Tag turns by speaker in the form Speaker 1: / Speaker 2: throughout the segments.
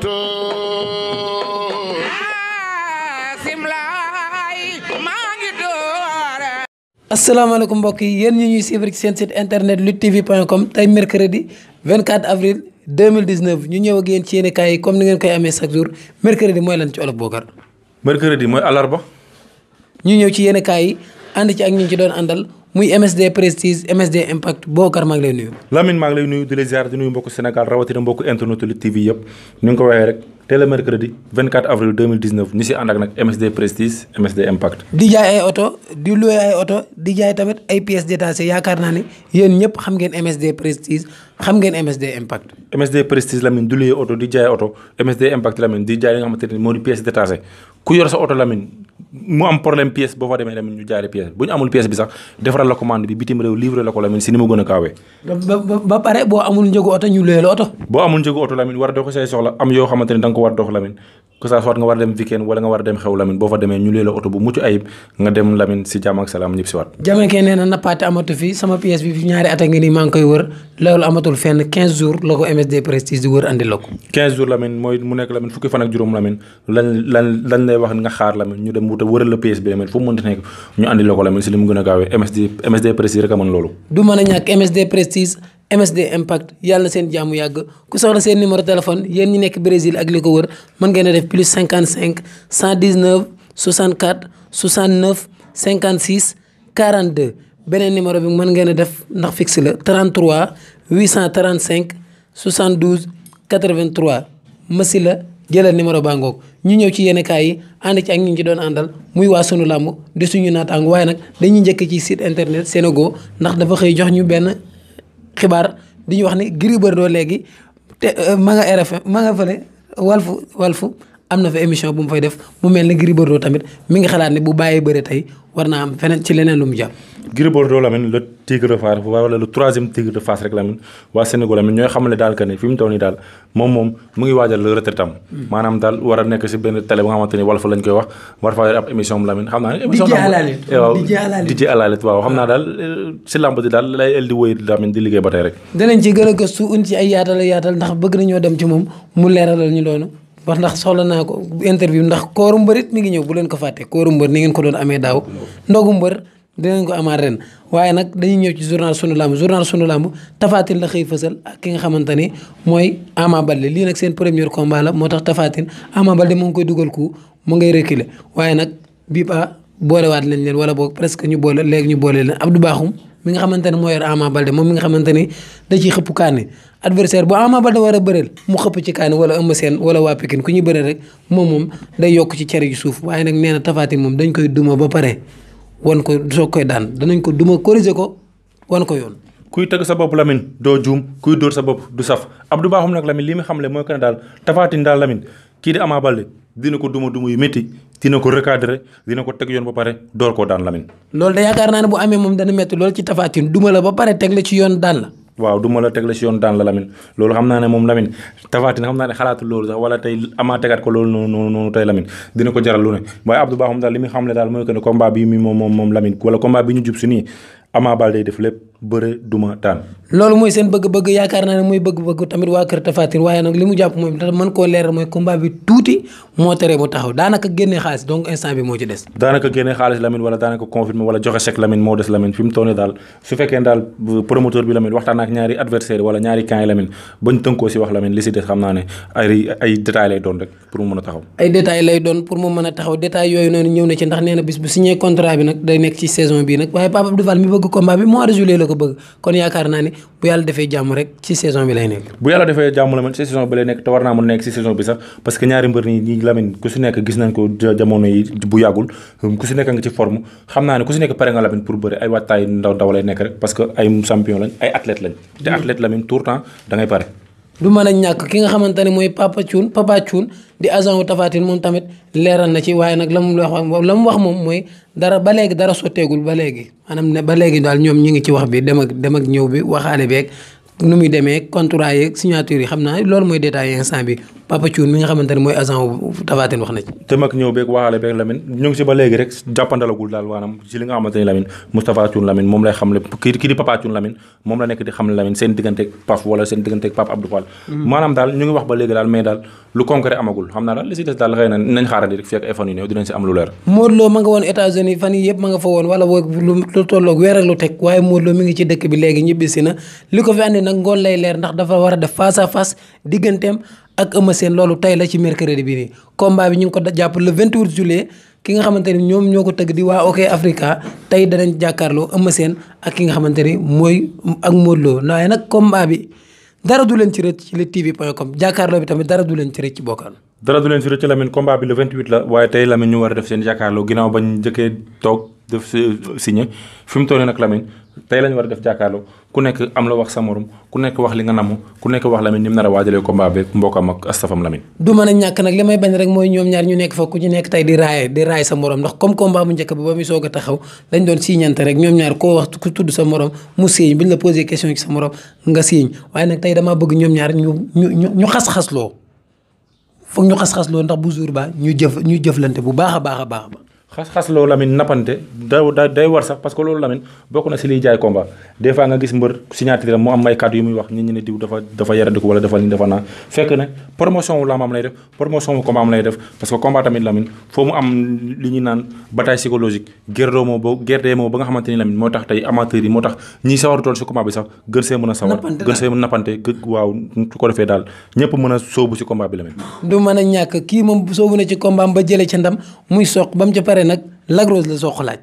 Speaker 1: tóor Xaasim laay maa ngi tóor asalaamaaleykum mbokk yi yéen ñi ñuy suivre ci seen site internet luttetv.com tey mercredi 24 avril 2019 ñu ñëw ak ci yenn kaay yi comme ni ngeen koy amee chaque jour mercredi mooy lan ci olof bookar
Speaker 2: mercredi mooy alarba
Speaker 1: ñu ñëw ci yéene kaay yi ànd ci ak ñu ci doon àndal muy MSD Prestige MSD Impact Bokar maa ngi lay nuyu.
Speaker 2: Lamine maa ngi lay nuyu di la ziar di nuyu mbokku Sénégal rawatina mbokku internet Lutte TV yëpp ngi ko waxee rek télé mercredi 24 avril 2019 si ànd ak nag MSD Prestige MSD Impact.
Speaker 1: di jaay ay oto di loué ay oto di jaay tamit ay pièces yaakaar naa ne yéen ñëpp xam ngeen MSD Prestige xam ngeen MSD Impact.
Speaker 2: MSD Prestige Lamine di loué oto di jaay oto MSD nga xamante moo di pièces détachées. ku yor sa oto Lamine mu am problème pièce boo fa demee Lamine ñu jaare pièce bu ñu amul pièce bi sax defaral la commande bi bitim réew livré la ko si ni mu gën a kaawee.
Speaker 1: ba pare boo amul njëgu oto ñu luyee la oto. boo amul njëgu oto Lamine war
Speaker 2: a dox say soxla am yoo xamante ne da nga ko war que ça soit nga war a dem weekend wala nga war a dem xew Lamine boo fa demee ñu lee la oto bu mucc ayib nga dem Lamine si jàmm ak salaam ñëpp si waat
Speaker 1: koy wër loolu amatul fenn 15 jours la ko MSD Prestige di wër andi la ko
Speaker 2: jours Lamine mooy mu nekk Lamine fukki fan ak juróom Lamine lan lan lan lay wax nga xaar Lamine ñu dem wuta wëral la pièce bi Lamine nekk ñu andi la ko si li mu gën a gaawee MSD Prestige rek a mën loolu
Speaker 1: du MSD Impact yàlla na seen jàmm yàgg ku soxla seen numéro téléphone yéen ñi nekk Brésil ak li ko wër mën ngeen a def plus 55 119 64 69 56 42 beneen numéro bi mën ngeen a def ndax fixe la 33 835 72 83 masi la jëlal numéro baa ñu ñëw ci yenn kaay yi ànd ci ak ñu ci doon àndal muy waa sunu làmb di suñu naataango waaye nag dañu njëkk ci site internet Senego ndax dafa xëy jox ñu benn. xibaar di ñu wax ni Gris Bordeaux léegi te euh, ma nga RFM ma nga fële walfu walfu am na fi émission bu mu fay def mu mel ne Gris Bordeaux tamit mi ngi xalaat ne bu bàyyee bëre tey war naa am feneen ci leneen lu mu jàpp.
Speaker 2: Gris Bordeaux la mel le tigre de Fass wala le tigre de rek la waa Sénégal la mel ñooy xamal ne daal que ne fi mu toll nii hmm. a nekk si benn télé bu nga la mel xam naa ne. émission eh waaw di xam naa daal hmm. eh, si lamb di daal lay el di wéy di liggéey ba tey rek.
Speaker 1: danañ ci gën a gëstu un ci ay yaatal yaatal ndax bëgg nañoo dem ci moom mu leeralal ñu loolu wax ndax soxla naa ko interview ndax kooru mbër it mi ngi ñëw bu leen ko fàtte kooru mbër ni ngeen ko doon amee daaw ndogu mbër waaye nag dañuy ñëw ci journal sunu lamb journal sunu lamb Tapha Tine la xëy fësal ak ki nga xamante ni mooy Ama Baldé lii nag seen premier combat la moo tax Tapha Tine Ama Baldé mu ngi koy dugal ku mu ngay reculer waaye nag bii ba boolewaat lañ leen wala boog presque ñu boole ñu boole leen Abdou Bakhoum mi nga xamante ne moo yor Ama Baldé moom mi nga xamante ni da ciy kaani adversaire bu Ama da war a bëreel mu xëpp ci kaani wala Eumeu Sène wala waa Pikine ku ñu bëreel rek moom moom day yokk ci cere ji suuf waaye nag nee na Tapha moom dañ koy duma ba pare wan ko soog koy daan danañ ko duma corriger ko wan
Speaker 2: ko yoon. kuy tëgg sa bopp Lamine doo juum kuy dóor sa bopp du saf Abdou Bakhoum nag Lamine li mu xamle mooy que ne daal Tapha Tine daal Lamine kii di Ama Baldé dina ko duma duma yu métti dina ko recadrer dina ko teg yoon ba pare door koo daan Lamine.
Speaker 1: loolu de yaakaar naa ne bu amee moom dana métti lool ci Tapha Tine duma la ba pare teg la ci yoon daan la
Speaker 2: waaw duma la teg la si yoon daan la Lamine loolu xam naa ne moom Lamine tafaatin xam naa ne xalaatu loolu sax wala tey amaa tegaat ko loolu noonu noonu tey Lamine dina ko jaral lu ne waaye Abdou Ba xam daal li muy xamle daal mooy que ne combat bi mi moom moom moom Lamine wala combat bi ñu jub si nii Ama Baldé def lépp bëre duma daan
Speaker 1: loolu mooy seen bëgg-bëgg yaakaar naa ne mooy bëgg-bëgg tamit waa kër Tapha Tine waaye nag li mu jàpp mooy dafa mën koo leeral mooy combat bi moo tere mu a taxaw ay détails a la ko bëgg kon yaakaar naa ne bu yàlla defee jàmm rek ci saison bi lay nekk.
Speaker 2: bu yàlla defee jàmm la man ci saison bi lay nekk te war naa mën nekk ci saison bi sax parce que ñaari mbër nii ñi Lamine ku si nekk gis nañ ko jamono yi bu yàggul um, ku si nekk nga ci forme xam naa ne ku si nekk pare nga Lamine pour bëri ay wattaay ndaw ndaw lay nekk rek parce ay champion lañ ay athlète lañ te hmm. athlète Lamine tout temps da pare.
Speaker 1: du mën a ñàkk ki nga xamante ne mooy papa cuun papa cuun di agent wu tafaatin moom tamit leeral na ci waaye nag la mu wax la mu wax moom mooy dara ba léegi dara sotteegul ba léegi maanaam ne ba léegi daal ñoom ñi ngi ci wax bi dem ak dem ak ñëw bi waxaale beeg nu muy demee contrat yeeg signature yi xam naa loolu mooy détail instant bi Papa Thioune mi nga xamante ne mooy agent wu
Speaker 2: Tapha Tine wax na ci te mag ñëw beeg waxaale beeg Lamine ñu ngi si ba léegi rek jàppandalagul daal maanaam si li nga xamante ni Lamine Moustapha Thioune moom lay xamle kii kii di Papa Thioune Lamine moom la nekk di xamle Lamine seen digganteeg Paf wala seen digganteeg Papa Abdou Fall mm-hmm. maanaam daal ñu ngi wax ba léegi daal mais daal lu concret amagul xam naa daal li si des daal xëy na nañ xaarandi rek fii ak ay fan yu néew dinañ si am lu leer. Modou
Speaker 1: Lo ma nga woon États-Unis fan yii yëpp ma nga fa woon wala boog lu tolloog weer lu teg waaye Modou ngi ci dëkk bi léegi ñibbisi na li ko fi andi nag ngoon lay leer ndax dafa war a def face à face ak Eumeu loolu tey la ci mercredi bi nii. combat bi ñu ngi ko jàpp vingt 28 juillet ki nga xamante ni ñoom ñoo ko tëgg di waa OK Africa tey danañ jàkkaarloo Eumeu Sène ak ki nga xamante ni mooy ak Modou loo waaye nag combat bi. dara du leen ci rëcc ci luttetv.com jàkkaarloo bi tamit dara du leen ci rëcc ci bokkaan.
Speaker 2: dara du leen ci rëcc Lamine combat bi le 28 la waaye tey Lamine ñu war a def seen jàkkaarloo ginnaaw bañ njëkkee toog def signé fi mu toll nag Lamine tey lañ war a def jàkkaarloo ku nekk am la wax sa morom ku nekk wax li nga namu ku nekk wax la ni mu nar a waajalee combat bi mbokkam ak astafam Lamine
Speaker 1: du mën a ñàkk nag li may bañ rek mooy ñoom ñaar ñu nekk fa ku ci nekk tey di raaye di raay sa morom ndax comme combat bu njëkk ba ba muy soog a taxaw dañ doon siñante rek ñoom ñaar koo wax ku tudd sa morom mu siiñ buñ la posé question ci sa morom nga siiñ waaye nag tey damaa bëgg ñoom ñaar ñu ñu ñu xas-xasloo foog ñu xas-xasloo ndax bu jour ba ñu jëf ñu jëflante bu baax a baax a baax
Speaker 2: xas-xas loo Lamine nappante day war sax parce loolu Lamine bokk na si liy jaay combat des nga gis mbër signature mu am ay kàddu yu muy wax ñi ne diw dafa dafa yaradiku wala dafa ni dafa naa fekk ne promotion wu lamb am lay li ñuy naan bataille psychologique gerdoo moo ba gerdee moo ba nga xamante ni moo tax tey amateur yi moo tax ñiy sawaru tool si combat bi sax gën see mën a sawar gën see nappante waaw su ko defee daal ñëpp mën a soobu si
Speaker 1: pare nag la Sokh laaj.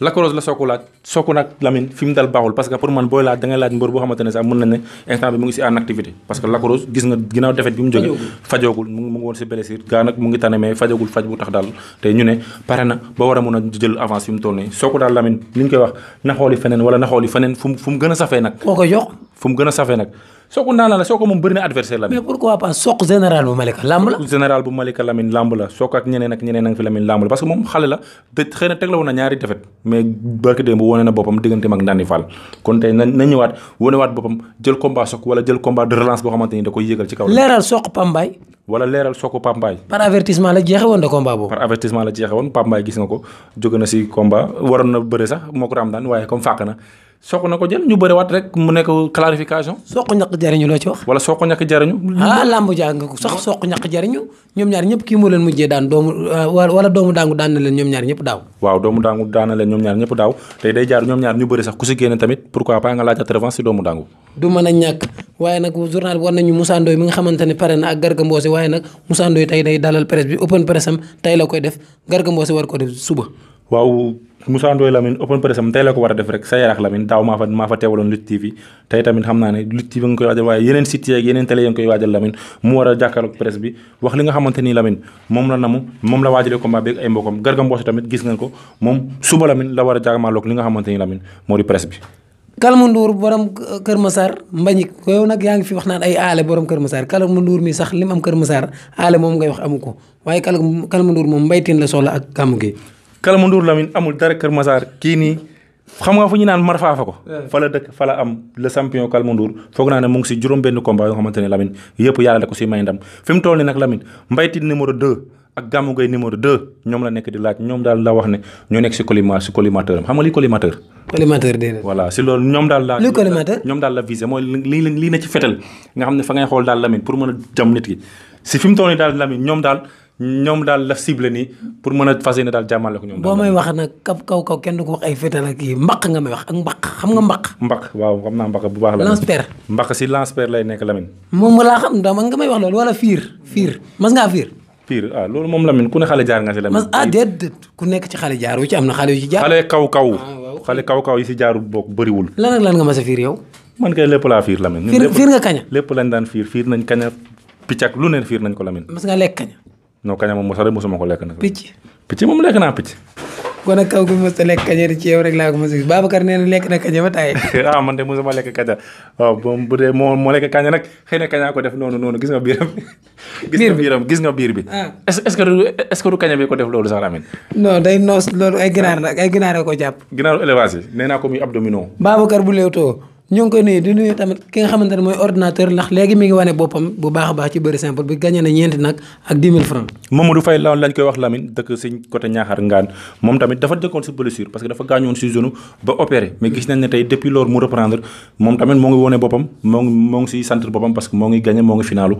Speaker 2: Lac la Sokh laaj Sokh nag Lamine fi mu dal baaxul parce que pour man booy laaj da laaj mbër boo xamante sax mën nañ ne instant bi mu ngi si en activité parce que Lac Rose gis nga ginnaaw defet bi mu jógee fajoogul mu ngi woon si blessure gaa nag mu ngi tane mais fajogul faj bu tax daal te ñu ne pare na ba war a mën a jël avance fi mu toll nii Sokh daal Lamine li ñu koy wax naxooli feneen feneen fu mu fu mu a fu mu gën a safee Sokh ndaanaan la Sokh moom bëri na adversaire Lamine. mais pourquoi pas Sokh général bu général bu Malika Lamine lamb la Sokh ak ñeneen ak fi Lamine lamb parce que moom xale la te na teg la woon na ñaari defet mais barki démb wone na boppam digganteem ak Ndandi Fall kon tey na na ñëwaat wonewaat boppam jël combat Sokh wala jël combat de relance boo xamante ni da koy yëgal ci kaw. leeral
Speaker 1: Sokh Pambaay
Speaker 2: wala leeral soo ko Pambaay.
Speaker 1: par avertissement la jeexe woon
Speaker 2: de combat boobu. par avertissement la jeexe woon Pambaay gis nga ko jóge na si combat waroon na bëre sax ah, moo ko raam daan ah, waaye soq na
Speaker 1: leen ñoom ñaar ñëpp daaw.
Speaker 2: waaw doomu daan leen ñoom ñaar ñëpp daaw tey day jaar ñoom ñaar ñu bëri sax ku si génne tamit pourquoi pas nga laajat revanche si doomu daangu.
Speaker 1: du mën a ñàkk waaye nag journal bi war nañu Moussa Ndoye mi nga pare na ak Garga waaye nag Moussa Ndoye tey day dalal presse bi open presse am la koy def Garga Mbossé war ko def suba.
Speaker 2: waaw Moussa Ndoye Lamine open presse am la ko war a def rek sa yaraax Lamine daaw maa fa maa fa teewaloon Lutte TV tey tamit xam naa ne Lutte TV nga koy waajal waaye mu war a jàkkaarloog presse bi wax li nga xamante ni Lamine moom la namu moom la waajalee combat bi ak ay mbokkam Garga Mbossé tamit gis ngeen ko moom suba Lamine la war a jàkkaarloog li nga xamante ni Lamine moo di
Speaker 1: Kalma Ndour borom Kër Masar Mbañik yow nag yaa ngi fi wax naan ay aale borom Kër Masar Kalma Ndour mi sax li mu am Kër Masar aale moom ngay wax amu ko waaye Kalma Kalma Ndour moom mbaytin la soxla ak kàmm gi. Kalma Ndour Lamine amul dara Kër masaar kii nii xam nga fu ñu naan mar ko. fa la dëkk fa
Speaker 2: la am le champion Kalma Ndour foog naa ne mu ngi si juróom benn combat yoo xamante ne Lamine yëpp yàlla da ko si may ndam fi mu toll nii nag Lamine mbaytin numéro 2. ak Gamou Gueye numéro 2 ñoom la nekk di laaj ñoom daal la wax ne ñoo nekk si colima am xam nga li collimateur. collimateur déedéet. daal ñoom daal la visé mooy lii lii na ci fetal nga xam ne fa ngay xool a a
Speaker 1: xam nga mbaq. mbaq waaw xam naa mbaq
Speaker 2: bu baax la. lanceper mbaq si lanceper lay nekk Lamine.
Speaker 1: moom laa xam ndax man nga may wax loolu wala fiir fiir mas fiir
Speaker 2: tiir ah loolu moom Lamine ku ne xale jaar nga si Lamine. ah
Speaker 1: déedéet ku nekk
Speaker 2: ci xale jaar wu ci am na xale yu ci jaar. xale kaw kaw ah, xale kaw kaw yi si jaarul bokk bëriwul. lan ak lan nga mas a fiir yow. man kay lépp laa fiir Lamine. fiir nga kaña. lépp lañ daan fiir fiir nañ kaña picc ak lu ne fiir nañ ko Lamine.
Speaker 1: mas nga lekk kaña.
Speaker 2: non kaña moom mosare mosuma ko lekk nag. picc picc moom lekk naa picc.
Speaker 1: kon nag kaw gu mos a lekk kaña ci yow rek laa ko mos a gis lekk na kaña ba taay.
Speaker 2: ah man de mosuma lekk kaña waaw oh, bu moo lekk kaña nag xëy na kaña ko def noonu noonu gis nga biiram. gis gis nga biir bi. Ah. est ce que du est ce que du kaña bi ko def loolu sax Lamine.
Speaker 1: non day noos loolu ay ginaar la ay ginaar la ko jàpp.
Speaker 2: ginaaru élevage yi nee naa ko muy abdominaux.
Speaker 1: Babacar bu léewtoo. ñoo ngi koy nuyu di nuyu tamit ki nga xamante ne mooy ordinateur ndax léegi mi ngi wane boppam bu baax a baax ci bëri simple bi gagné na ñeenti nag ak 10 000 francs
Speaker 2: koy wax Lamine dëkk si côté Ñaaxar Ngaan moom tamit dafa dëkkoon si blessure parce que dafa gaañoon si zone ba opéré mais ne tey depuis loolu mu reprendre moom tamit moo ngi wone moo ngi moo ngi si centre boppam parce que moo ngi gagné moo ngi finalu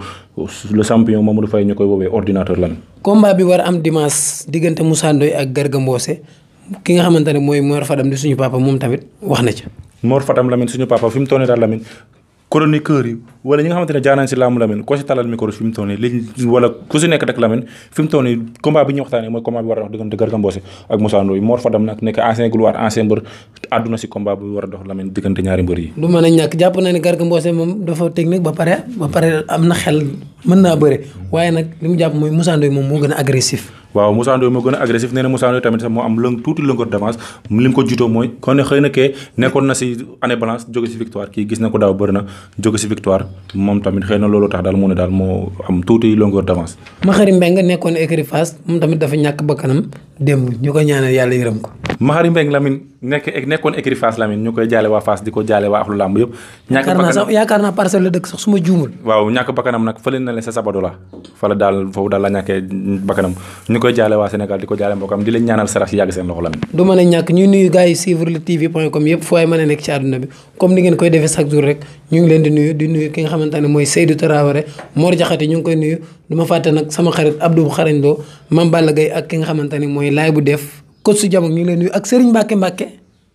Speaker 2: le champion Mamadou ñu koy woowee ordinateur Lamine
Speaker 1: combat bi war a am dimanche diggante Moussa Ndoye ak Garga Mbossé ki nga xamante ne mooy Mor Fadam di suñu papa moom tamit wax na ci Mor Fatam Lamine suñu
Speaker 2: papa fi mu toll nii daal Lamine yi wala ñi nga xamante ne jaar si làmb Lamine ko si talal micro fi mu toll li wala ku si nekk rek Lamine fi mu toll bi war a dox diggante a dox diggante ñaari mbër yi.
Speaker 1: du mën a ñàkk jàpp naa ne moom dafa technique ba pare ba pare am na xel mën naa bëre waaye nag li mu jàpp mooy Moussa moom moo gën agressif
Speaker 2: waaw Moussa Ndoye moo gën a agressif nee na Moussa Ndoye tamit sax moo am lëng tuuti lëngoor d'avance li ko jiitoo mooy kon xëy na kee nekkoon na si année balance jóge si victoire kii gis na ko daaw bëri na jóge si victoire moom tamit xëy loolu tax daal mu ne daal moo am tuuti lëngoor d'avance
Speaker 1: Makhari Mbengue nekkoon écurie moom tamit dafa ñàkk bakkanam démb ñu ko ñaanal yàlla yërëm ko
Speaker 2: Makhari Mbengue Lamine nekk nekkoon écurie Fass Lamine ñu koy jaale waa Fass di ko jaale waa axlu làmb yëpp. ñàkk bakkanam
Speaker 1: yaakaar naa parcelle la dëkk sax su ma
Speaker 2: waaw ñàkk bakkanam nag fële na sa sabado la fële daal foofu daal la ñàkkee bakkanam ñu koy jaale waa Sénégal di ko jaale mbokkam di leen ñaanal sarax yi yàgg seen loxo Lamine.
Speaker 1: du mën a ñàkk ñu nuyu gars yi suivre le tv point com yëpp fu waay mën a nekk ci àdduna bi comme ni ngeen koy defee chaque jour rek xamante ne mooy laay def coach su jamono ñu ngi lay nuyu ak Serigne Mbacke Mbacke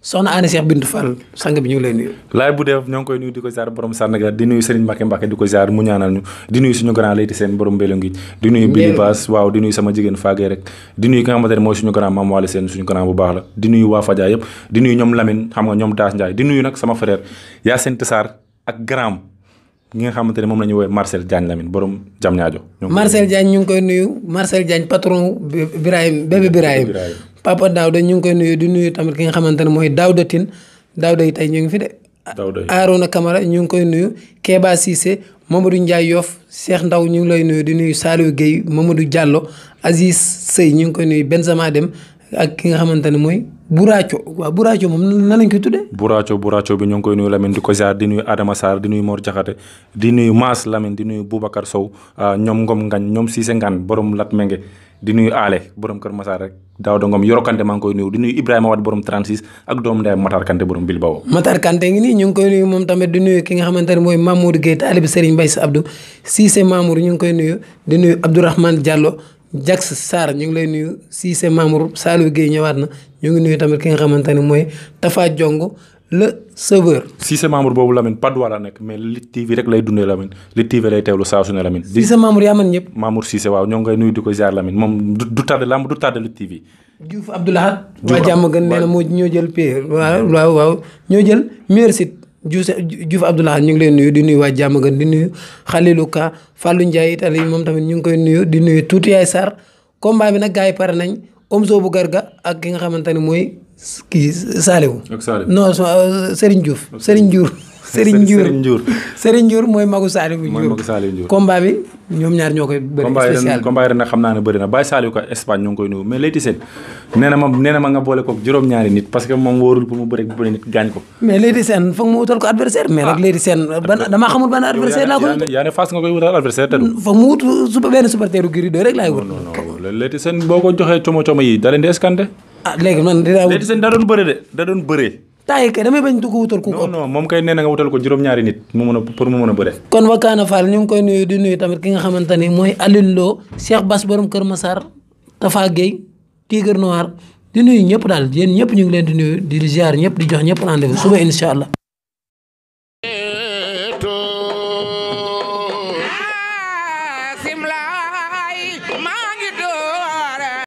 Speaker 1: soxna Anna Cheikh Bintou Fall sang bi ñu ngi lay nuyu.
Speaker 2: laay bu def ñoo ngi koy nuyu di ko ziar borom Sandaga di nuyu Serigne Mbacke Mbacke di ko ziar mu ñaanal ñu di nuyu suñu grand layti seen borom mbélo ngi di nuyu Billy Bass waaw di nuyu sama jigéen faagee rek di nuyu ki nga xamante ne mooy suñu grand maam Waly seen suñu grand bu baax la di nuyu waa Fadia yëpp di nuyu ñoom Lamine xam nga ñoom Daas Ndiaye di nuyu nag sama frère Yacine Tassar ak grand ñi nga xamante ne moom la ñu woowee Marcel Diagne Lamine borom jam ñaajo.
Speaker 1: Marcel Diagne ñu ngi koy nuyu Marcel Diagne patron Birahim bébé Birahim papa de ñu ngi koy nuyu di nuyu tamit ki nga xamante ne mooy Daouda tin Daouda yi tey ñu ngi fi de. Daouda yi Arouna Camara ñu ngi koy nuyu. Kéba Cissé Mamadou Ndiaye Yoff Cheikh Ndaw ñu ngi lay nuyu di nuyu Saliou Guèye Mamadou Diallo Aziz Sey ñu ngi koy nuyu Benzema Deme ak ki nga xamante ne mooy. Buraco waaw Buraco moom nan lañ koy tuddee.
Speaker 2: Buraco Buraco bi ñoo ngi koy nuyu Lamine di ko ziar di nuyu Adama Sarr di nuyu Mor Diakhaté di nuyu Maas Lamine di nuyu Boubacar Sow ah, ñoom Ngom Ngañ ñoom Cissé Ngane borom Latmengue. di nuyu aale borom Kër Masaar rek daaw da ngoom Yoro Kanté maa ngi koy nuyu di nuyu Ibrahima Wade borom 36 ak doomu ndeyam Matar Kanté borom Bilbao.
Speaker 1: Matar Kanté ngi nii ñu ngi koy nuyu moom tamit di nuyu ki nga xamante ne mooy Mamour Gueye taalib Serigne Mbaye Sy Abdou Cissé Mamour ñu ngi koy nuyu di ñu ngi lay nuyu Cissé Mamour Saliou Gueye ñëwaat na ñu ngi nuyu tamit ki nga xamante ne mooy Tafa Jongo le sauveur. si sa
Speaker 2: boobu Lamine Padois la nekk mais Lutte TV rek lay dundee Lamine Lutte TV lay teewlu saa su ne Lamine. si sa membre yaa mën ñëpp. membre Cissé waaw ñoo ngi koy nuyu
Speaker 1: di ñoo jël pay waaw waaw waaw ñoo jël meilleur ñu ngi leen nuyu di nuyu waa jàmm gën di nuyu Khalilou Ka Fallou Ndiaye Itali moom tamit ñu ngi koy nuyu di nuyu tuuti yaay Sarr combat bi nag gars yi pare nañ Omzo bu Garga ak ki nga xamante ne mooy kii Saliou. ak Saliou non Serigne Diouf Serigne Ndiour Serigne Ndiour. Serigne Ndiour mooy Magu Saliou Ndiour mooy Magu
Speaker 2: nag xam naa ne bëri na Baye Saliou ko Espagne ñu ngi koy nuyu mais Leyti Sène nee ma nee na mu bëri ko.
Speaker 1: mais Leyti Sène foog mu adversaire mais ah. nag
Speaker 2: Leyti boo ko joxee como como yi da leen di escanté. Ah, man dinaa wut Leyti Sène da doon bëre de da doon bëree
Speaker 1: taay kay damay bañ du ko wutal ku ko. non non moom kay nee
Speaker 2: na nga wutal ko juróom-ñaari nit mu a pour mu mën a bëre.
Speaker 1: kon Wakana Fall ñu ngi koy nuyu di nuyu tamit ki nga xamante mooy Alioune Lo Bass borom Kër Massar Tafa Gueye Tigre Noir di nuyu ñëpp daal yéen ñëpp ñu ngi leen di nuyu di ziar ñëpp di jox ñëpp rendez-vous suba incha allah.